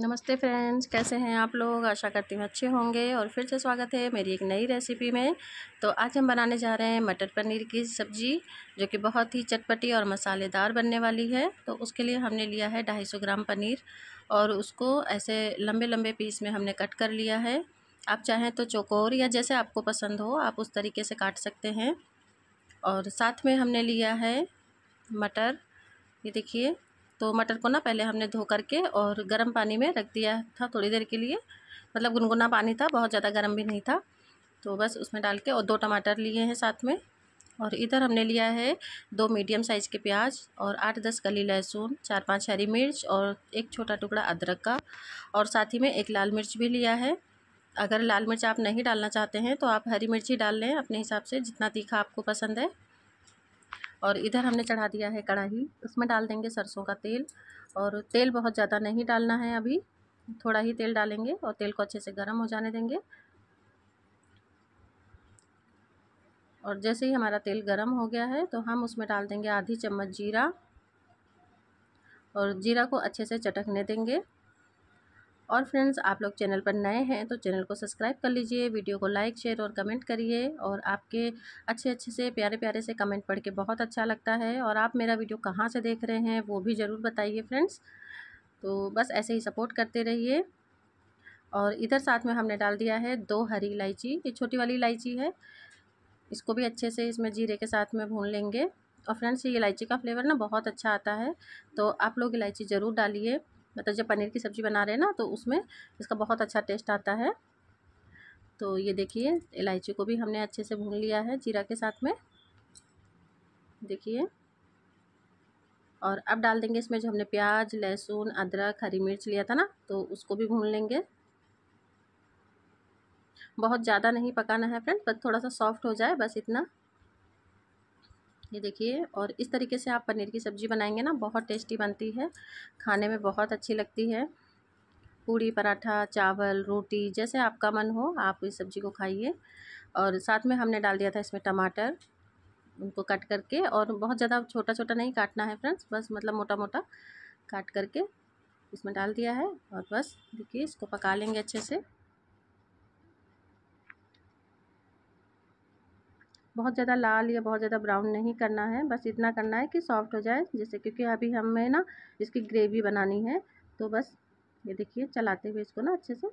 नमस्ते फ्रेंड्स कैसे हैं आप लोग आशा करती हूँ अच्छे होंगे और फिर से स्वागत है मेरी एक नई रेसिपी में तो आज हम बनाने जा रहे हैं मटर पनीर की सब्ज़ी जो कि बहुत ही चटपटी और मसालेदार बनने वाली है तो उसके लिए हमने लिया है सौ ग्राम पनीर और उसको ऐसे लंबे लंबे पीस में हमने कट कर लिया है आप चाहें तो चोकोर या जैसे आपको पसंद हो आप उस तरीके से काट सकते हैं और साथ में हमने लिया है मटर ये देखिए तो मटर को ना पहले हमने धो करके और गर्म पानी में रख दिया था थोड़ी देर के लिए मतलब गुनगुना पानी था बहुत ज़्यादा गर्म भी नहीं था तो बस उसमें डाल के और दो टमाटर लिए हैं साथ में और इधर हमने लिया है दो मीडियम साइज़ के प्याज और आठ दस कली लहसुन चार पांच हरी मिर्च और एक छोटा टुकड़ा अदरक का और साथ ही में एक लाल मिर्च भी लिया है अगर लाल मिर्च आप नहीं डालना चाहते हैं तो आप हरी मिर्च ही डाल लें अपने हिसाब से जितना तीखा आपको पसंद है और इधर हमने चढ़ा दिया है कढ़ाई उसमें डाल देंगे सरसों का तेल और तेल बहुत ज़्यादा नहीं डालना है अभी थोड़ा ही तेल डालेंगे और तेल को अच्छे से गर्म हो जाने देंगे और जैसे ही हमारा तेल गर्म हो गया है तो हम उसमें डाल देंगे आधी चम्मच जीरा और जीरा को अच्छे से चटकने देंगे और फ्रेंड्स आप लोग चैनल पर नए हैं तो चैनल को सब्सक्राइब कर लीजिए वीडियो को लाइक शेयर और कमेंट करिए और आपके अच्छे अच्छे से प्यारे प्यारे से कमेंट पढ़ के बहुत अच्छा लगता है और आप मेरा वीडियो कहाँ से देख रहे हैं वो भी ज़रूर बताइए फ्रेंड्स तो बस ऐसे ही सपोर्ट करते रहिए और इधर साथ में हमने डाल दिया है दो हरी इलायची ये छोटी वाली इलायची है इसको भी अच्छे से इसमें जीरे के साथ में भून लेंगे और फ्रेंड्स ये इलायची का फ्लेवर ना बहुत अच्छा आता है तो आप लोग इलायची ज़रूर डालिए मतलब जब पनीर की सब्ज़ी बना रहे हैं ना तो उसमें इसका बहुत अच्छा टेस्ट आता है तो ये देखिए इलायची को भी हमने अच्छे से भून लिया है जीरा के साथ में देखिए और अब डाल देंगे इसमें जो हमने प्याज लहसुन अदरक हरी मिर्च लिया था ना तो उसको भी भून लेंगे बहुत ज़्यादा नहीं पकाना है फ्रेंड बस थोड़ा सा सॉफ्ट हो जाए बस इतना ये देखिए और इस तरीके से आप पनीर की सब्ज़ी बनाएंगे ना बहुत टेस्टी बनती है खाने में बहुत अच्छी लगती है पूड़ी पराठा चावल रोटी जैसे आपका मन हो आप इस सब्ज़ी को खाइए और साथ में हमने डाल दिया था इसमें टमाटर उनको कट करके और बहुत ज़्यादा छोटा छोटा नहीं काटना है फ्रेंड्स बस मतलब मोटा मोटा काट करके इसमें डाल दिया है और बस देखिए इसको पका लेंगे अच्छे से बहुत ज़्यादा लाल या बहुत ज़्यादा ब्राउन नहीं करना है बस इतना करना है कि सॉफ्ट हो जाए जैसे क्योंकि अभी हमें ना इसकी ग्रेवी बनानी है तो बस ये देखिए चलाते हुए इसको ना अच्छे से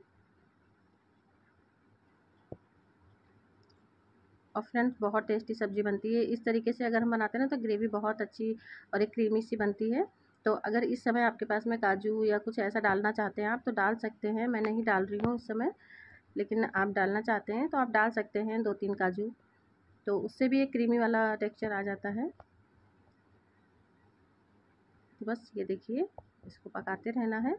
और फ्रेंड्स बहुत टेस्टी सब्ज़ी बनती है इस तरीके से अगर हम बनाते हैं ना तो ग्रेवी बहुत अच्छी और एक क्रीमी सी बनती है तो अगर इस समय आपके पास में काजू या कुछ ऐसा डालना चाहते हैं आप तो डाल सकते हैं मैं नहीं डाल रही हूँ इस समय लेकिन आप डालना चाहते हैं तो आप डाल सकते हैं दो तीन काजू तो उससे भी एक क्रीमी वाला टेक्सचर आ जाता है तो बस ये देखिए इसको पकाते रहना है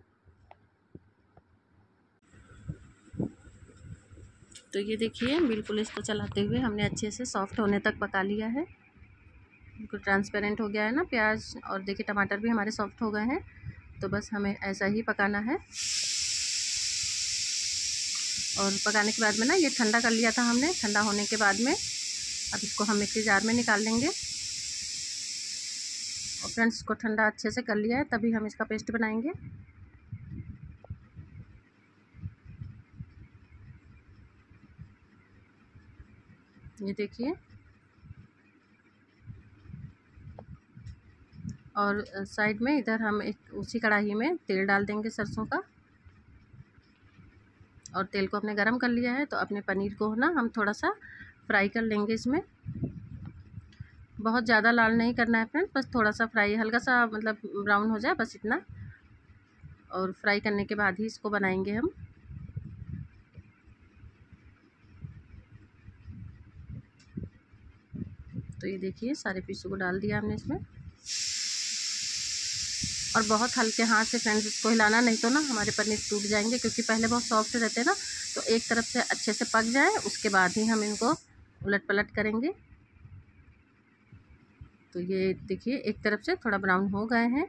तो ये देखिए बिल्कुल इसको चलाते हुए हमने अच्छे से सॉफ्ट होने तक पका लिया है बिल्कुल ट्रांसपेरेंट हो गया है ना प्याज और देखिए टमाटर भी हमारे सॉफ्ट हो गए हैं तो बस हमें ऐसा ही पकाना है और पकाने के बाद में ना ये ठंडा कर लिया था हमने ठंडा होने के बाद में अब इसको हम मिक्सी जार में निकाल लेंगे और फ्रेंड्स इसको ठंडा अच्छे से कर लिया है तभी हम इसका पेस्ट बनाएंगे ये देखिए और साइड में इधर हम एक उसी कढ़ाई में तेल डाल देंगे सरसों का और तेल को हमने गरम कर लिया है तो अपने पनीर को ना हम थोड़ा सा फ्राई कर लेंगे इसमें बहुत ज़्यादा लाल नहीं करना है फ्रेंड बस थोड़ा सा फ्राई हल्का सा मतलब ब्राउन हो जाए बस इतना और फ्राई करने के बाद ही इसको बनाएंगे हम तो ये देखिए सारे पीसों को डाल दिया हमने इसमें और बहुत हल्के हाथ से फ्रेंड्स इसको हिलाना नहीं तो ना हमारे पनीर टूट जाएंगे क्योंकि पहले बहुत सॉफ्ट रहते हैं ना तो एक तरफ से अच्छे से पक जाए उसके बाद ही हम इनको उलट पलट करेंगे तो ये देखिए एक तरफ से थोड़ा ब्राउन हो गए हैं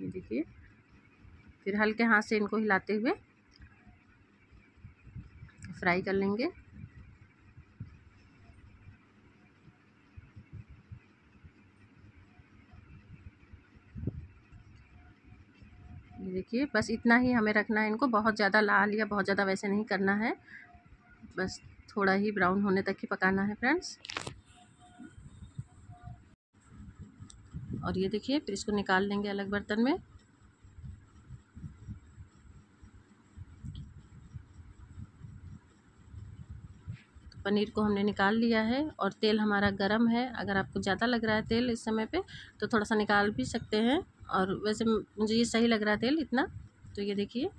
ये देखिए फिर हल्के हाथ से इनको हिलाते हुए फ्राई कर लेंगे देखिए बस इतना ही हमें रखना है इनको बहुत ज़्यादा लाल या बहुत ज़्यादा वैसे नहीं करना है बस थोड़ा ही ब्राउन होने तक ही पकाना है फ्रेंड्स और ये देखिए फिर इसको निकाल लेंगे अलग बर्तन में तो पनीर को हमने निकाल लिया है और तेल हमारा गरम है अगर आपको ज़्यादा लग रहा है तेल इस समय पे तो थोड़ा सा निकाल भी सकते हैं और वैसे मुझे ये सही लग रहा है तेल इतना तो ये देखिए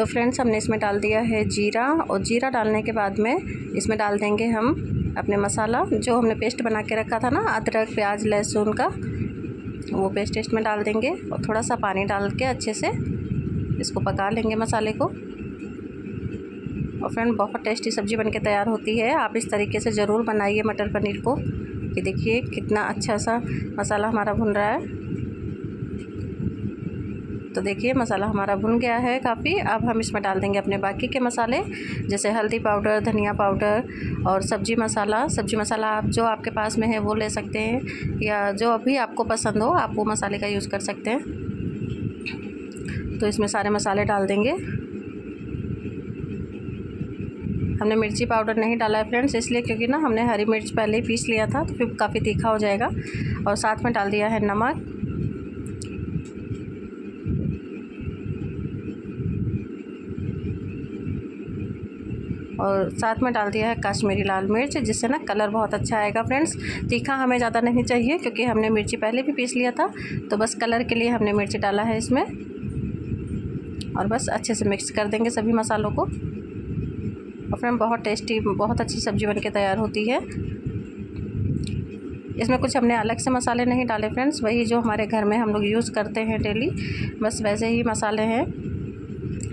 तो फ्रेंड्स हमने इसमें डाल दिया है जीरा और जीरा डालने के बाद में इसमें डाल देंगे हम अपने मसाला जो हमने पेस्ट बना के रखा था ना अदरक प्याज लहसुन का वो पेस्ट इसमें डाल देंगे और थोड़ा सा पानी डाल के अच्छे से इसको पका लेंगे मसाले को और फ्रेंड बहुत टेस्टी सब्ज़ी बनके तैयार होती है आप इस तरीके से ज़रूर बनाइए मटर पनीर को कि देखिए कितना अच्छा सा मसाला हमारा भुन रहा है तो देखिए मसाला हमारा भुन गया है काफ़ी अब हम इसमें डाल देंगे अपने बाकी के मसाले जैसे हल्दी पाउडर धनिया पाउडर और सब्जी मसाला सब्जी मसाला आप जो आपके पास में है वो ले सकते हैं या जो अभी आपको पसंद हो आप वो मसाले का यूज़ कर सकते हैं तो इसमें सारे मसाले डाल देंगे हमने मिर्ची पाउडर नहीं डाला है फ्रेंड्स इसलिए क्योंकि ना हमने हरी मिर्च पहले ही पीस लिया था तो फिर काफ़ी तीखा हो जाएगा और साथ में डाल दिया है नमक और साथ में डाल दिया है काश्मीरी लाल मिर्च जिससे ना कलर बहुत अच्छा आएगा फ्रेंड्स तीखा हमें ज़्यादा नहीं चाहिए क्योंकि हमने मिर्ची पहले भी पीस लिया था तो बस कलर के लिए हमने मिर्ची डाला है इसमें और बस अच्छे से मिक्स कर देंगे सभी मसालों को और फ्रेंड बहुत टेस्टी बहुत अच्छी सब्ज़ी बन के तैयार होती है इसमें कुछ हमने अलग से मसाले नहीं डाले फ्रेंड्स वही जो हमारे घर में हम लोग यूज़ करते हैं डेली बस वैसे ही मसाले हैं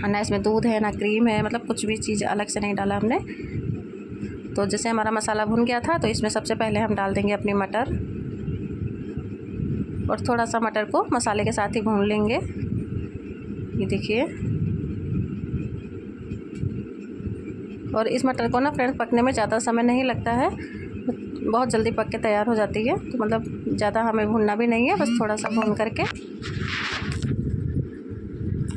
ना इसमें दूध है ना क्रीम है मतलब कुछ भी चीज़ अलग से नहीं डाला हमने तो जैसे हमारा मसाला भुन गया था तो इसमें सबसे पहले हम डाल देंगे अपनी मटर और थोड़ा सा मटर को मसाले के साथ ही भून लेंगे ये देखिए और इस मटर को ना फ्रेंड्स पकने में ज़्यादा समय नहीं लगता है बहुत जल्दी पक के तैयार हो जाती है तो मतलब ज़्यादा हमें भूनना भी नहीं है बस थोड़ा सा भून करके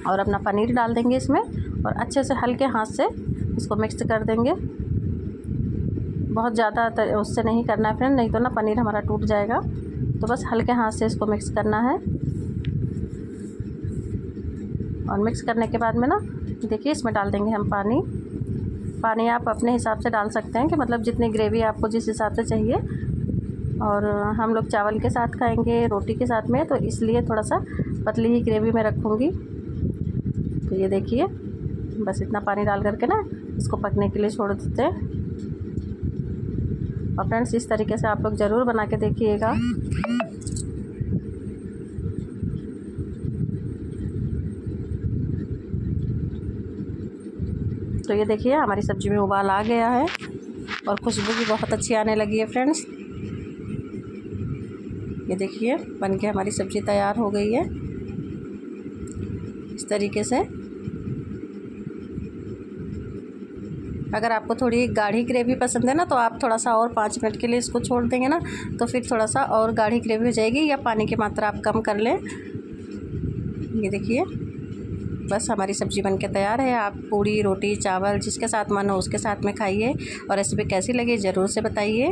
और अपना पनीर डाल देंगे इसमें और अच्छे से हल्के हाथ से इसको मिक्स कर देंगे बहुत ज़्यादा उससे नहीं करना है फ्रेंड नहीं तो ना पनीर हमारा टूट जाएगा तो बस हल्के हाथ से इसको मिक्स करना है और मिक्स करने के बाद में ना देखिए इसमें डाल देंगे हम पानी पानी आप अपने हिसाब से डाल सकते हैं कि मतलब जितनी ग्रेवी आपको जिस हिसाब से चाहिए और हम लोग चावल के साथ खाएंगे रोटी के साथ में तो इसलिए थोड़ा सा पतली ही ग्रेवी में रखूँगी तो ये देखिए बस इतना पानी डाल करके ना इसको पकने के लिए छोड़ देते हैं और फ्रेंड्स इस तरीके से आप लोग ज़रूर बना के देखिएगा तो ये देखिए हमारी सब्ज़ी में उबाल आ गया है और खुशबू भी बहुत अच्छी आने लगी है फ्रेंड्स ये देखिए बन के हमारी सब्ज़ी तैयार हो गई है इस तरीके से अगर आपको थोड़ी गाढ़ी ग्रेवी पसंद है ना तो आप थोड़ा सा और पाँच मिनट के लिए इसको छोड़ देंगे ना तो फिर थोड़ा सा और गाढ़ी ग्रेवी हो जाएगी या पानी की मात्रा आप कम कर लें ये देखिए बस हमारी सब्ज़ी बनके तैयार है आप पूड़ी रोटी चावल जिसके साथ मन हो उसके साथ में खाइए और रेसिपी कैसी लगी ज़रूर से बताइए